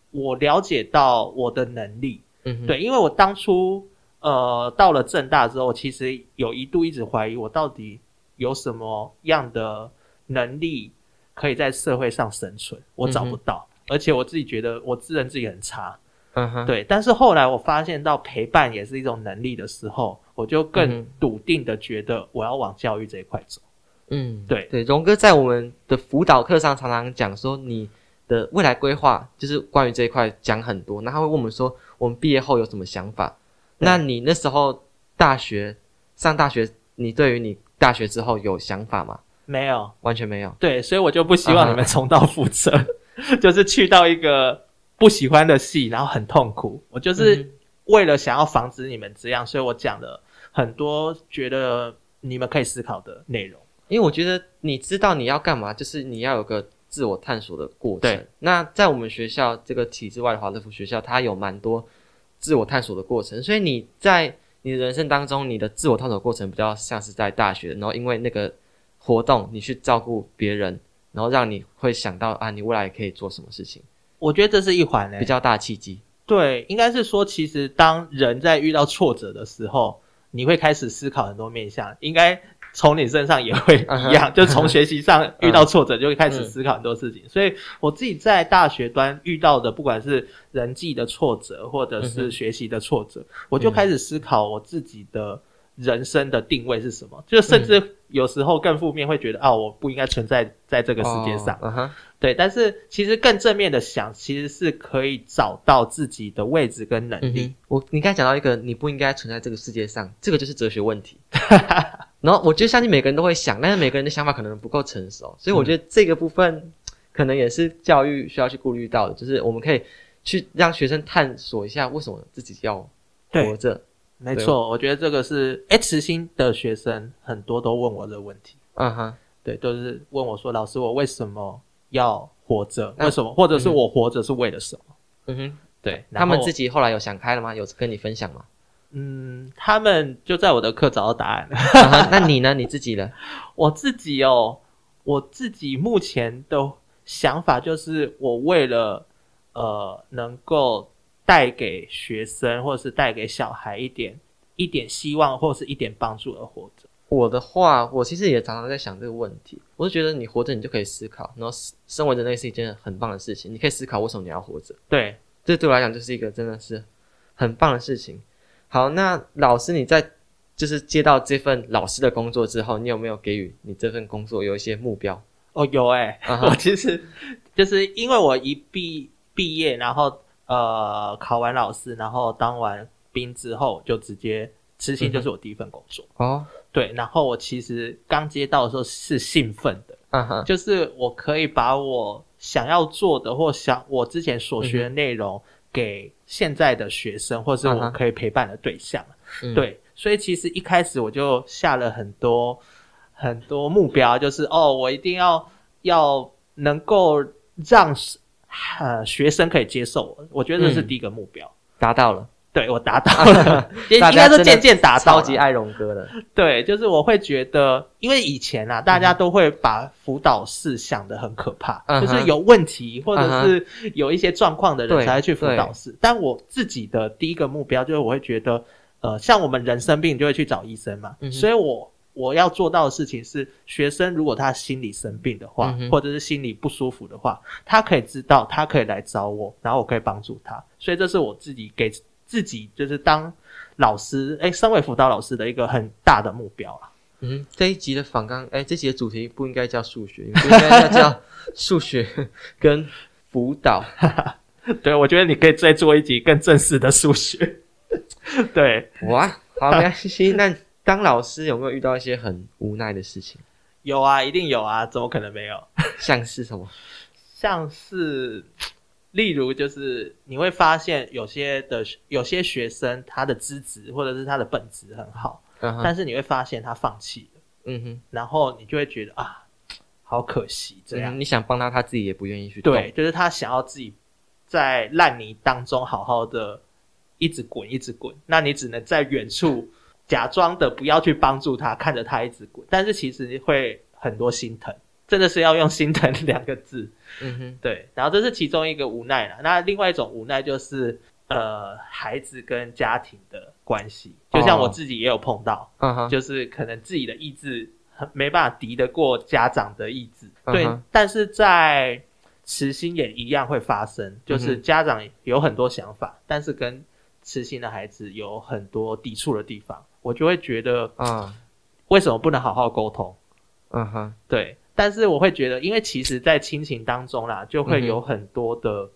我了解到我的能力，嗯、哼對，因為我當初呃到了政大之後，其實有一度一直懷疑我到底有什麼樣的能力。可以在社會上生存，我找不到，嗯、哼而且我自己覺得我自認自己很差，嗯、哼對。但是後來我發現到陪伴也是一種能力的時候，我就更篤定的覺得我要往教育這一塊走。嗯哼，對對。嶸哥在我們的輔導課上常常講說，你的未來規劃就是關於這一塊講很多，然後他會問我們說，我們畢業後有什麼想法？對那你那時候大學上大學，你對於你大學之後有想法嗎？沒有，完全沒有。對，所以我就不希望你們重蹈覆轍，uh huh、 就是去到一個不喜歡的系，然後很痛苦。我就是為了想要防止你們這樣，所以我講了很多覺得你們可以思考的內容。因為我覺得你知道你要幹嘛，就是你要有個自我探索的過程。對，那在我們學校這個體制外的華德福學校，它有蠻多自我探索的過程。所以你在你的人生當中，你的自我探索過程比較像是在大學，然後因為那個。活動，你去照顧別人，然後讓你會想到啊，你未來可以做什麼事情？我覺得這是一環，比較大契機。對，應該是說，其實當人在遇到挫折的時候，你會開始思考很多面向。應該從你身上也會一樣， 就從學習上遇到挫折，就會開始思考很多事情。 嗯、所以我自己在大學端遇到的，不管是人際的挫折或者是學習的挫折，嗯、哼我就開始思考我自己的。人生的定位是什麼？就甚至有時候更負面，會覺得、嗯、啊，我不應該存在在這個世界上。哦 uh huh、對，但是其實更正面的想，其實是可以找到自己的位置跟能力。嗯、哼我你剛才講到一個，你不應該存在這個世界上，這個就是哲學問題。哈哈哈，然後我就相信每個人都會想，但是每個人的想法可能不夠成熟，所以我覺得這個部分可能也是教育需要去顧慮到的，就是我們可以去讓學生探索一下，為什麼自己要活着。沒錯，哦、我覺得這個是 H 星的學生很多都問我的問題。嗯哼，對，都、就是問我說：“老師，我為什麼要活着？那為什麼？或者是我活着是為了什麼？”嗯哼，對。他們自己後來有想開了嗎？有跟你分享嗎？嗯，他們就在我的課找到答案了、 嗯。那你呢？你自己呢？ 我自己哦，我自己目前的想法就是，我為了呃能夠。帶給學生或者是帶給小孩一點一點希望，或者是一點幫助而活着。我的話，我其實也常常在想這個問題。我是覺得你活着，你就可以思考，然後，身為人類是一件很棒的事情。你可以思考為什麼你要活着。對，這對我來講就是一個真的是很棒的事情。好，那老師你在就是接到這份老師的工作之後，你有沒有給予你這份工作有一些目標？哦，有誒。我其實就是因為我一畢畢業，然後。呃，考完老師，然後當完兵之後，就直接執行。就是我第一份工作。哦、嗯哼，對，然後我其實剛接到的時候是興奮的，嗯、哼就是我可以把我想要做的，或想我之前所學的內容給現在的學生，嗯、哼或是我可以陪伴的對象。嗯、哼對，所以其實一開始我就下了很多很多目標，就是哦，我一定要要能夠讓。呃，學生可以接受，我覺得這是第一個目標達、嗯、到了。對，我達到了，也 應該是漸漸達到。超級愛榮哥的，對，就是我會覺得，因為以前啊，大家都會把輔導室想得很可怕，嗯、哼就是有問題或者是有一些狀況的人才會去輔導室。嗯嗯、但我自己的第一個目標就是，我會覺得，呃，像我們人生病就會去找醫生嘛，嗯、哼所以我。我要做到的事情是，學生如果他心裡生病的話，嗯、哼或者是心裡不舒服的話，他可以知道，他可以來找我，然後我可以幫助他。所以這是我自己給自己，就是當老師，誒、欸，身為輔導老師的一個很大的目標啊。嗯，這一集的訪綱，誒、欸，這集的主題不應該叫數學，不應該叫數學 跟輔導。 對，我覺得你可以再做一集更正式的數學。 對，哇，好的，謝謝 那。當老師有沒有遇到一些很無奈的事情？有啊，一定有啊，怎麼可能沒有？ 像是什麼？像是，例如就是你會發現有些的有些學生他的資質或者是他的本質很好，嗯哼。但是你會發現他放棄了。嗯哼。然後你就會覺得啊，好可惜這樣。嗯哼，你想幫他，他自己也不願意去。對，就是他想要自己在爛泥當中好好的一直滾，一直滾。那你只能在遠處。假裝的不要去幫助他，看着他一直滾，但是其實你會很多心疼，真的是要用心疼兩個字。嗯哼，對。然後這是其中一個無奈啦。那另外一種無奈就是，呃，孩子跟家庭的關係，就像我自己也有碰到，哦、就是可能自己的意志很沒辦法敵得過家長的意志。嗯、哼對。嗯、哼但是在慈心也一樣會發生，就是家長有很多想法，嗯、哼但是跟慈心的孩子有很多抵觸的地方。我就會覺得啊，uh, 為什麼不能好好溝通？嗯哼、uh，huh. 對。但是我會覺得，因為其實，在親情當中啦，就會有很多的，uh huh.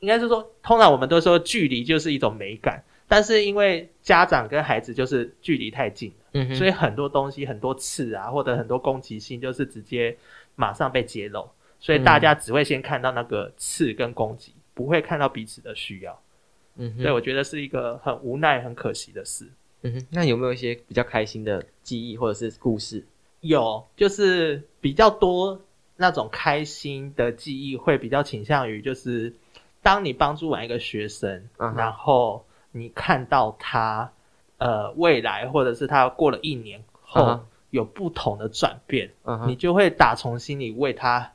應該是說，通常我們都說距離就是一種美感，但是因為家長跟孩子就是距離太近了，嗯、uh huh. 所以很多東西、很多刺啊，或者很多攻擊性，就是直接馬上被揭露，所以大家只會先看到那個刺跟攻擊，不會看到彼此的需要。嗯、uh，huh. 對，我覺得是一個很無奈、很可惜的事。嗯哼，那有沒有一些比較開心的記憶或者是故事？有，就是比較多那種開心的記憶，會比較傾向於就是，當你幫助完一個學生，uh huh. 然後你看到他，呃，未來或者是他過了一年後，uh huh. 有不同的轉變，uh huh. 你就會打從心裡為他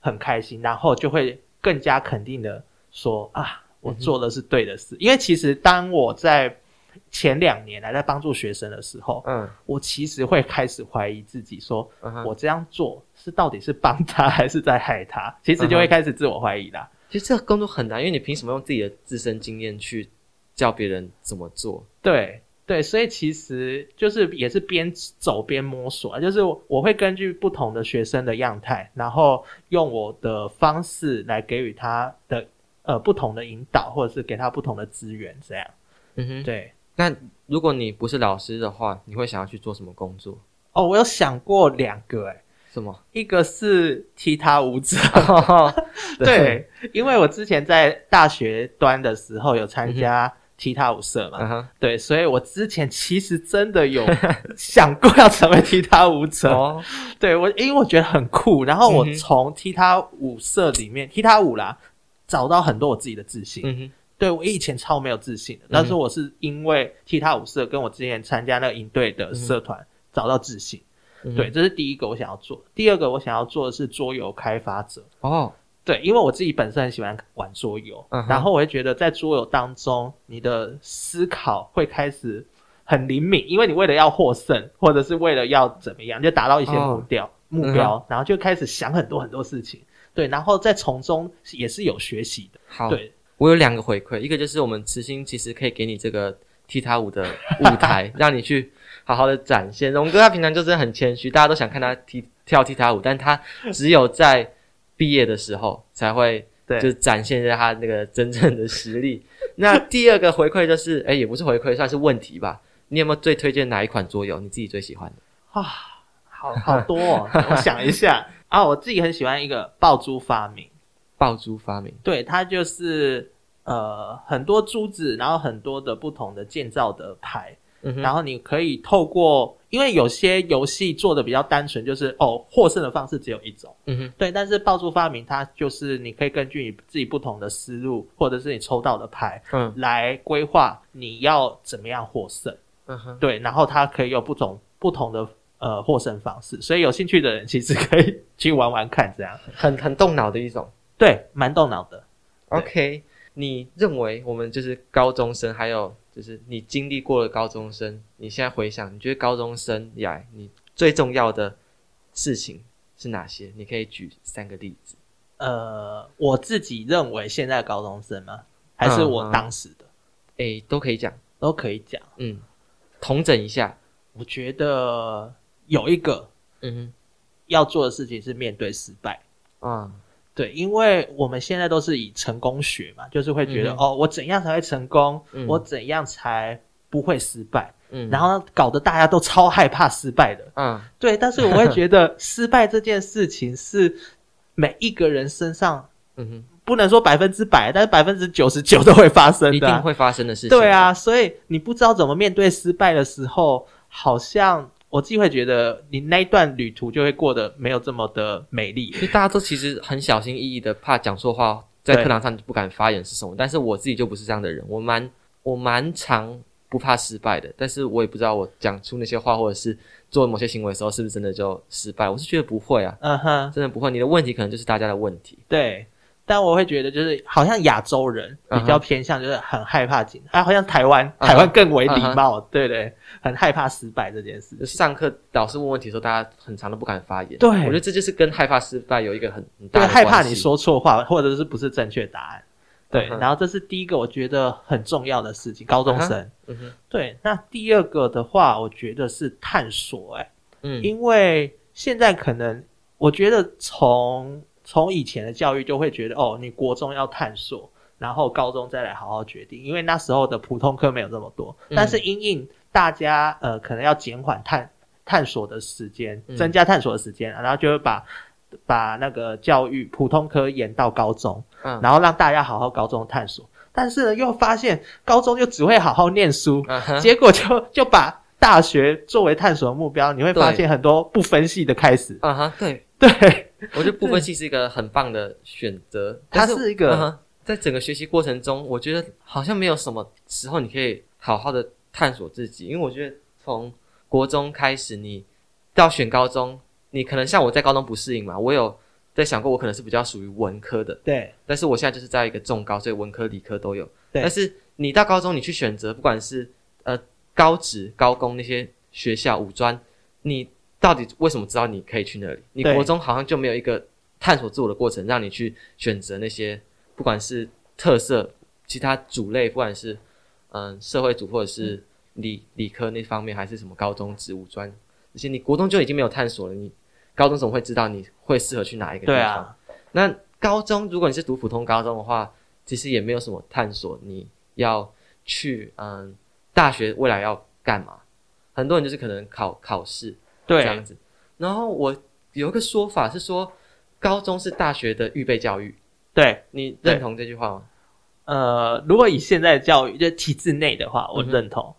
很開心，然後就會更加肯定的說，啊，我做的是對的事。Uh huh. 因為其實當我在前兩年來在幫助學生的時候，嗯，我其實會開始懷疑自己說，說，嗯哼，我這樣做是到底是幫他還是在害他？其實就會開始自我懷疑啦，嗯。其實這個工作很難，因為你憑什麼用自己的自身經驗去教別人怎麼做？對對，所以其實就是也是邊走邊摸索啊，就是我會根據不同的學生的樣態，然後用我的方式來給予他的呃不同的引導，或者是給他不同的資源，這樣，嗯哼，對。那如果你不是老師的話，你會想要去做什麼工作？哦，我有想過兩個哎、欸，什麼？一個是踢踏舞者，哦、 對，對因為我之前在大學端的時候有參加踢踏舞社嘛，嗯、哼對，所以我之前其實真的有想過要成為踢踏舞者。哦、對我，因為我覺得很酷。然後我從踢踏舞社裡面、嗯、哼踢踏舞啦，找到很多我自己的自信。嗯哼對，我以前超沒有自信的，但是我是因為踢踏舞社跟我之前參加那個營隊的社團、嗯、哼找到自信。嗯、哼對，這是第一個我想要做。第二個我想要做的是桌遊開發者。哦，對，因為我自己本身很喜歡玩桌遊，嗯、哼然後我會覺得在桌遊當中，你的思考會開始很靈敏，因為你為了要獲勝，或者是為了要怎麼樣，你就達到一些目標、哦、目標，然後就開始想很多很多事情。嗯、哼對，然後再從中也是有學習的。好，對。我有兩個回饋，一個就是我們慈心其實可以給你這個踢踏舞的舞台， 讓你去好好的展現。嶸哥他平常就是很謙虛，大家都想看他踢、跳踢踏舞，但他只有在畢業的時候才會，對，就展現一下他那個真正的實力。 那第二個回饋就是，哎、欸，也不是回饋，算是問題吧。你有沒有最推薦哪一款桌遊？你自己最喜歡的？啊、哦，好好多、哦， 我想一下啊，我自己很喜歡一個爆珠發明。爆珠發明，對，它就是呃很多珠子，然後很多的不同的建造的牌，嗯哼，然後你可以透過，因為有些遊戲做的比較單純，就是哦獲勝的方式只有一種，嗯哼，對，但是爆珠發明它就是你可以根據你自己不同的思路，或者是你抽到的牌，嗯，來規劃你要怎麼樣獲勝，嗯哼，對，然後它可以有不同不同的呃獲勝方式，所以有興趣的人其實可以去玩玩看，這樣很很動腦的一種。對，蠻動腦的。OK，你認為我們就是高中生，還有就是你經歷過的高中生，你現在回想，你覺得高中生以來你最重要的事情是哪些？你可以舉三個例子。呃，我自己認為現在高中生嗎？還是我當時的？哎、嗯嗯欸，都可以講，都可以講。嗯，同整統整一下，我覺得有一個，嗯，要做的事情是面對失敗。啊、嗯。對，因為我們現在都是以成功學嘛，就是會覺得、嗯、哼哦，我怎樣才會成功？嗯、我怎樣才不會失敗？嗯、哼然後搞得大家都超害怕失敗的。嗯，對。但是我會覺得失敗這件事情是每一個人身上，嗯哼，不能說百分之百，但是百分之九十九都會發生的、啊，一定會發生的事情的。對啊，所以你不知道怎麼面對失敗的時候，好像。我自己會覺得，你那一段旅途就會過得沒有這麼的美麗欸。其實大家都其實很小心翼翼的，怕講錯話，在課堂上就不敢發言是什麼？對但是我自己就不是這樣的人，我蠻我蠻常不怕失敗的。但是我也不知道我講出那些話，或者是做某些行為的時候，是不是真的就失敗？我是覺得不會啊，嗯哼、uh-huh、真的不會。你的問題可能就是大家的問題。對。但我會覺得，就是好像亞洲人比較偏向，就是很害怕緊張、uh huh. 啊，好像台灣，台灣更為禮貌，uh huh. uh huh. 對對，很害怕失敗這件事。就是上課老師問問題的時候，大家很常都不敢發言。對，我覺得這就是跟害怕失敗有一個很很大的關係。害怕你說錯話，或者是不是正確答案？對，uh huh. 然後這是第一個我覺得很重要的事情。高中生，uh huh. uh huh. 對。那第二個的話，我覺得是探索、欸，哎，嗯，因為現在可能我覺得從。從以前的教育就會覺得哦，你國中要探索，然後高中再來好好決定，因為那時候的普通科沒有這麼多。嗯、但是因應大家呃，可能要減緩探探索的時間，增加探索的時間，嗯、然後就會把把那個教育普通科延到高中，嗯、然後讓大家好好高中探索。但是呢，又發現高中就只會好好念書，啊、哈結果就就把大學作為探索的目標，你會發現很多不分系的開始。啊對對。啊我覺得不分系是一個很棒的選擇，它是一個在整個學習過程中，我覺得好像沒有什麼時候你可以好好的探索自己，因為我覺得從國中開始，你到選高中，你可能像我在高中不適應嘛，我有在想過，我可能是比較屬於文科的，對，但是我現在就是在一個重高，所以文科理科都有，對，但是你到高中你去選擇，不管是呃高職、高工那些學校、五專，你。到底為什麼知道你可以去那裡？你國中好像就沒有一個探索自我的過程，讓你去選擇那些不管是特色、其他組類，不管是嗯社會組或者是理理科那方面，還是什麼高中職五專，這些。你國中就已經沒有探索了。你高中怎麼會知道你會適合去哪一個地方？對啊。那高中如果你是讀普通高中的話，其實也沒有什麼探索，你要去嗯大學未來要幹嘛？很多人就是可能考考試。對，這樣子。然後我有一個說法是說，高中是大學的預備教育。對，你認同這句話嗎？呃，如果以現在的教育，就是體制內的話，我認同。嗯、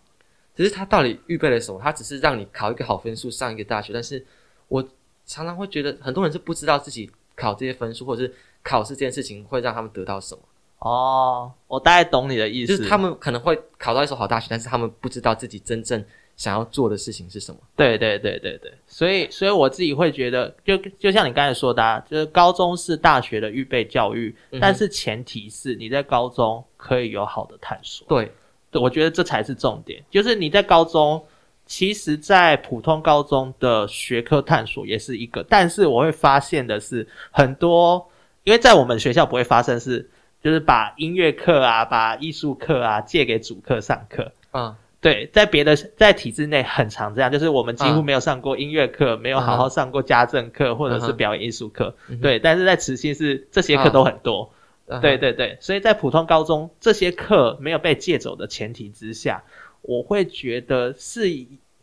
只是他到底預備了什麼？他只是讓你考一個好分數上一個大學。但是，我常常會覺得，很多人是不知道自己考這些分數，或者是考試這件事情會讓他們得到什麼。哦，我大概懂你的意思，就是他們可能會考到一所好大學，但是他們不知道自己真正。想要做的事情是什麼？對對對對對，所以所以我自己會覺得，就就像你剛才說的，啊，就是高中是大學的預備教育，嗯、哼但是前提是你在高中可以有好的探索。對，對，我覺得這才是重點，就是你在高中，其實在普通高中的學科探索也是一個，但是我會發現的是，很多因為在我們學校不會發生，是就是把音樂課啊，把藝術課啊借給主課上課啊。嗯對，在別的在體制內很常這樣，就是我們幾乎沒有上過音樂課，啊、沒有好好上過家政課、啊、或者是表演藝術課。啊、哈對，嗯、哼但是在慈溪是這些課都很多。啊、對對對，所以在普通高中這些課沒有被借走的前提之下，我會覺得是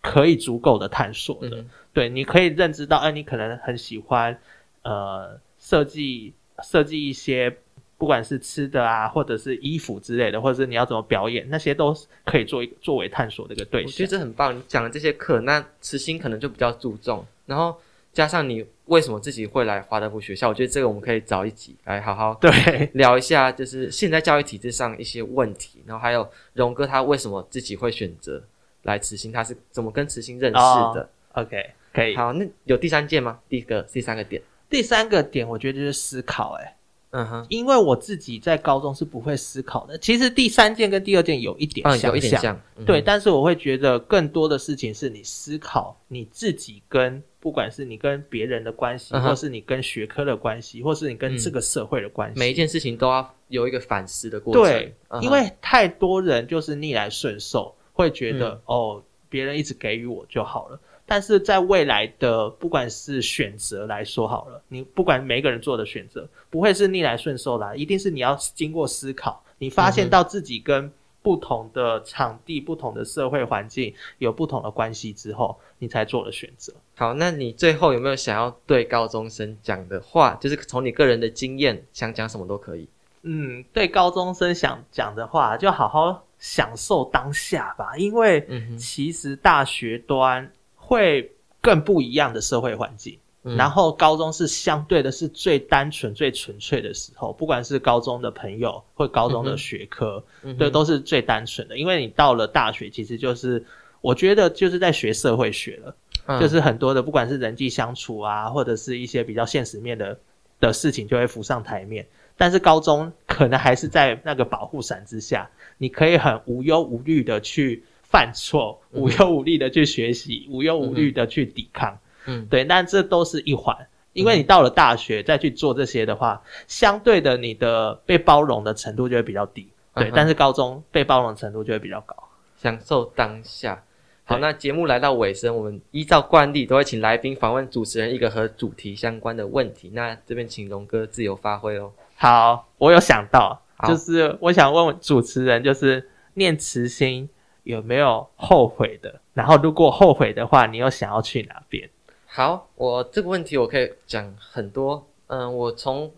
可以足夠的探索的。嗯、哼對，你可以認知到，哎、呃，你可能很喜歡，呃，設計設計一些。不管是吃的啊，或者是衣服之類的，或者是你要怎麼表演，那些都可以做一個作為探索的一個對象。我覺得這很棒。你講的這些課，那慈心可能就比較注重，然後加上你為什麼自己會來華德福學校？我覺得這個我們可以找一集來好好對聊一下，就是現在教育體制上一些問題，然後還有榮哥他為什麼自己會選擇來慈心，他是怎麼跟慈心認識的？Oh, OK，可以。好，那有第三件嗎？第一個、第三個點，第三個點，我覺得就是思考、欸，哎。嗯哼，因為我自己在高中是不會思考的。其實第三件跟第二件有一點像，像、嗯，有一點像，對。嗯、哼但是我會覺得更多的事情是你思考你自己跟，不管是你跟別人的關係，嗯、哼或是你跟學科的關係，或是你跟這個社會的關係。嗯、每一件事情都要有一個反思的過程。對，嗯、哼因為太多人就是逆來順受，會覺得、嗯、哦，別人一直給予我就好了。但是在未來的不管是選擇來說好了，你不管每個人做的選擇不會是逆來順受啦，一定是你要經過思考，你發現到自己跟不同的場地、嗯、哼不同的社會環境有不同的關係之後，你才做的選擇。好，那你最後有沒有想要對高中生講的話？就是從你個人的經驗想講什麼都可以。嗯，對高中生想講的話，就好好享受當下吧，因為其實大學端。會更不一樣的社會環境，嗯、然後高中是相對的是最單純、最純粹的時候。不管是高中的朋友或高中的學科，嗯、哼對，都是最單純的。嗯、哼因為你到了大學，其實就是我覺得就是在學社會學了，嗯、就是很多的，不管是人際相處啊，或者是一些比較現實面的的事情，就會浮上台面。但是高中可能還是在那個保護傘之下，你可以很無憂無慮的去。犯錯，無憂無慮的去學習，嗯、無憂無慮的去抵抗，嗯，對，那這都是一環，因為你到了大學再去做這些的話，嗯、相對的你的被包容的程度就會比較低，嗯、哼對，但是高中被包容的程度就會比較高。享受當下。好，對那節目來到尾聲，我們依照慣例都會請來賓訪問主持人一個和主題相關的問題，那這邊請嶸哥自由發揮哦。好，我有想到，好就是我想問主持人，就是念慈心。有沒有後悔的？然後如果後悔的話，你又想要去哪邊？好，我這個問題我可以講很多。嗯，我從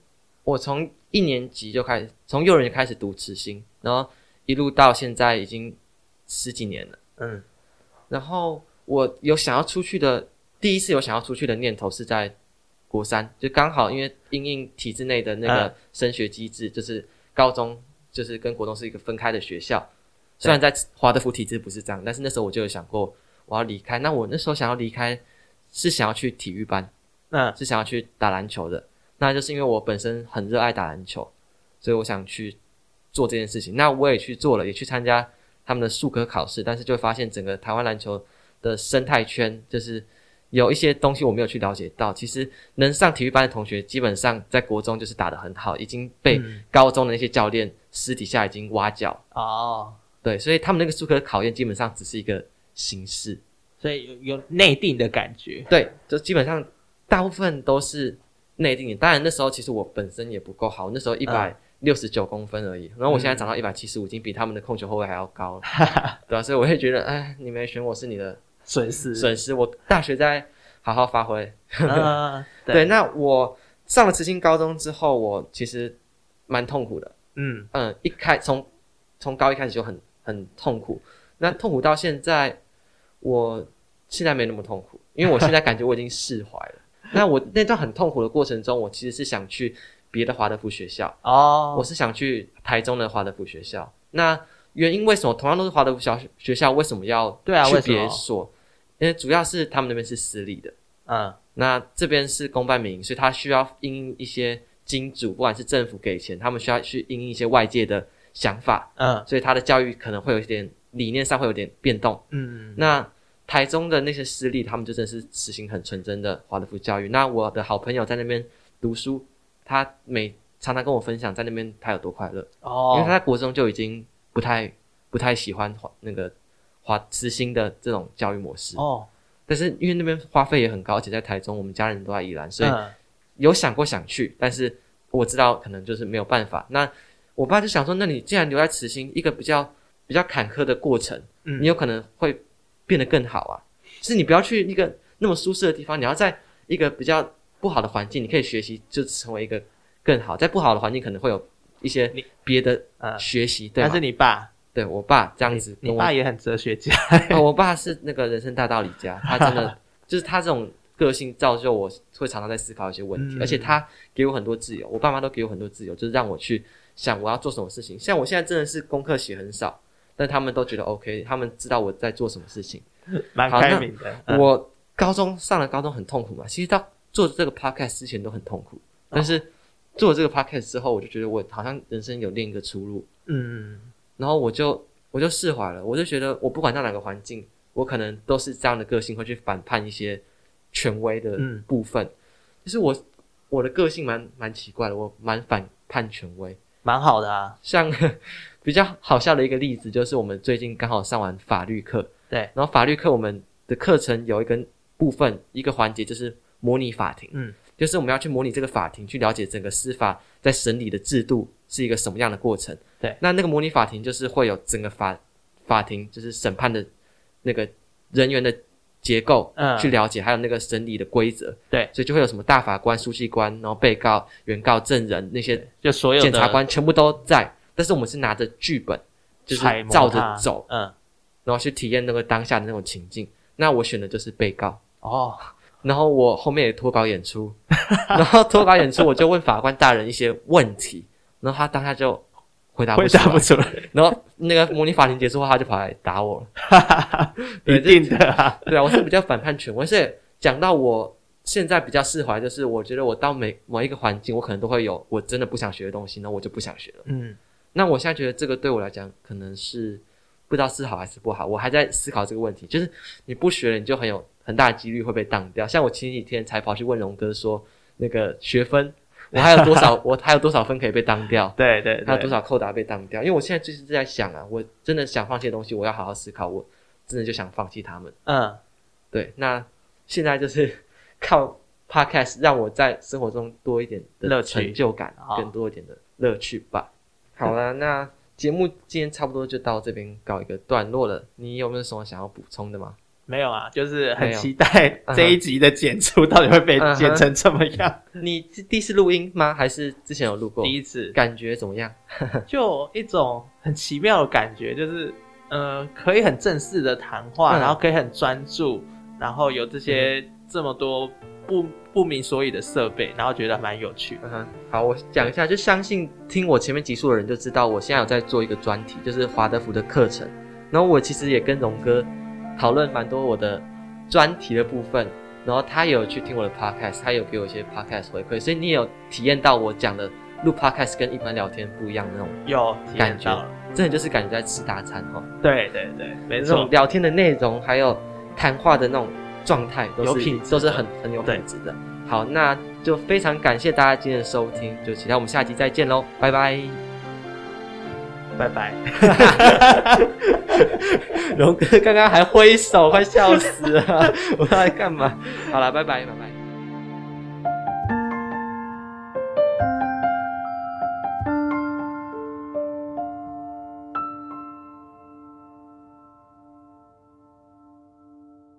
我從一年級就開始，從幼兒園開始讀慈心，然後一路到現在已經十幾年了。嗯，然後我有想要出去的，第一次有想要出去的念頭是在國三，就剛好因為因應體制內的那個升學機制，嗯、就是高中就是跟國中是一個分開的學校。對雖然在華德福體制不是這樣，但是那時候我就有想過，我要離開。那我那時候想要離開，是想要去體育班，嗯，是想要去打籃球的。那就是因為我本身很熱愛打籃球，所以我想去做這件事情。那我也去做了，也去參加他們的術科考試，但是就會發現整個台灣籃球的生態圈，就是有一些東西我沒有去了解到。其實能上體育班的同學，基本上在國中就是打得很好，已經被高中的那些教練私底下已經挖角。嗯、哦。對，所以他們那個術科的考驗基本上只是一個形式，所以有有內定的感覺。對，就基本上大部分都是內定的，當然那時候其實我本身也不夠好，那時候一百六十九公分而已。呃、然後我現在長到一百七十五公分，嗯、比他們的控球後衛還要高。哈哈。對啊，所以我也覺得，哎，你沒選我是你的損失。損失。我大學再好好發揮、 呃。對。對。那我上了慈心高中之後，我其實蠻痛苦的。嗯嗯，一開從從高一開始就很。很痛苦，那痛苦到現在，我現在沒那麼痛苦，因為我現在感覺我已經釋懷了。 那我那段很痛苦的過程中，我其實是想去別的華德福學校哦，oh. 我是想去台中的華德福學校。那原因為什麼？同樣都是華德福小學校，為什麼要去別所？因為主要是他們那邊是私立的，嗯，uh. 那這邊是公辦民營，所以他需要因應一些金主，不管是政府給錢，他們需要去因應一些外界的。想法，嗯，所以他的教育可能會有一點理念上會有點變動，嗯，那台中的那些私立，他們就真的是實行很純真的華德福教育。那我的好朋友在那邊讀書，他每常常跟我分享在那邊他有多快樂哦，因為他在國中就已經不太不太喜歡華那個華私心的這種教育模式哦，但是因為那邊花費也很高，而且在台中我們家人都在宜蘭，所以有想過想去，嗯，但是我知道可能就是沒有辦法那。我爸就想說：“那你既然留在慈心，一個比較比較坎坷的過程，嗯、你有可能會變得更好啊。就是你不要去一個那麼舒適的地方，你要在一個比較不好的環境，你可以學習，就成為一個更好。在不好的環境可能會有一些別的學呃學習。對嗎”對，還是你爸，對我爸這樣子我，我爸也很哲學家、嗯。我爸是那個人生大道理家，他真的 就是他這種個性造就，我會常常在思考一些問題。嗯、而且他給我很多自由，我爸媽都給我很多自由，就是讓我去。想我要做什麼事情，像我現在真的是功課寫很少，但他們都覺得 OK，他們知道我在做什麼事情，蠻開明的。我高中上了高中很痛苦嘛，嗯、其實到做這個 podcast 之前都很痛苦，哦、但是做了這個 podcast 之後，我就覺得我好像人生有另一個出路，嗯，然後我就我就釋懷了，我就覺得我不管在哪個環境，我可能都是這樣的個性會去反叛一些權威的部分，嗯、就是我我的個性蠻蠻奇怪的，我蠻反叛權威。蠻好的，啊，像比較好笑的一個例子，就是我們最近剛好上完法律課，對，然後法律課我們的課程有一個部分一個環節就是模擬法庭，嗯，就是我們要去模擬這個法庭，去了解整個司法在審理的制度是一個什麼樣的過程，對，那那個模擬法庭就是會有整個法法庭就是審判的那個人員的。結構去了解，嗯，還有那個審理的規則，對，所以就會有什麼大法官、書記官，然後被告、原告、證人那些，就所有檢察官全部都在。但是我們是拿着劇本，就是照着走，嗯，然後去體驗那個當下的那種情境。那我選的就是被告哦，然後我後面也脫稿演出， 然後脫稿演出我就問法官大人一些問題，然後他當下就。回答不出來，出來然後那個模擬法庭結束後，他就跑來打我了。 對一定的啊，對啊，我是比較反叛權威。是講到我現在比較釋懷，就是我覺得我到每某一個環境，我可能都會有我真的不想學的東西，那我就不想學了。嗯，那我現在覺得這個對我來講，可能是不知道是好還是不好，我還在思考這個問題。就是你不學了，你就很有很大的幾率會被當掉。像我前幾天才跑去問嶸哥說，那個學分，我還有多少？ 我還有多少分可以被當掉？ 對，對對，還有多少扣打被當掉？因為我現在就是在想啊，我真的想放棄的東西，我要好好思考，我真的就想放棄他們。嗯，對。那現在就是靠 Podcast 讓我在生活中多一點的樂成就感，更多一點的樂趣吧。趣好了好，那節目今天差不多就到這邊告一個段落了。你有沒有什麼想要補充的嗎？沒有啊，就是很期待這一集的剪輯到底會被剪成怎麼樣。嗯嗯、你第一次錄音嗎？還是之前有錄過？第一次，感覺怎麼樣？就一種很奇妙的感覺，就是嗯、呃，可以很正式的談話，嗯、哼然後可以很專注，然後有這些這麼多不不明所以的設備，然後覺得蠻有趣的。嗯哼，好，我講一下，嗯、就相信聽我前面集數的人就知道，我現在有在做一個專題，就是華德福的課程。然後我其實也跟嶸哥。討論蠻多我的專題的部分，然後他有去聽我的 podcast，他有給我一些 podcast 回饋。所以你也有體驗到我講的錄 podcast 跟一般聊天不一樣的那種有感覺，真的就是感覺在吃大餐哈、喔。對對對，沒錯，種聊天的內容還有談話的那種狀態都是都是很很有品質的。對好，那就非常感謝大家今天的收聽，就期待我們下集再見嘍，拜拜。拜拜，嶸 哥剛剛還揮手， 快笑死了！ 我剛才幹嘛？ 好了，拜拜，拜拜。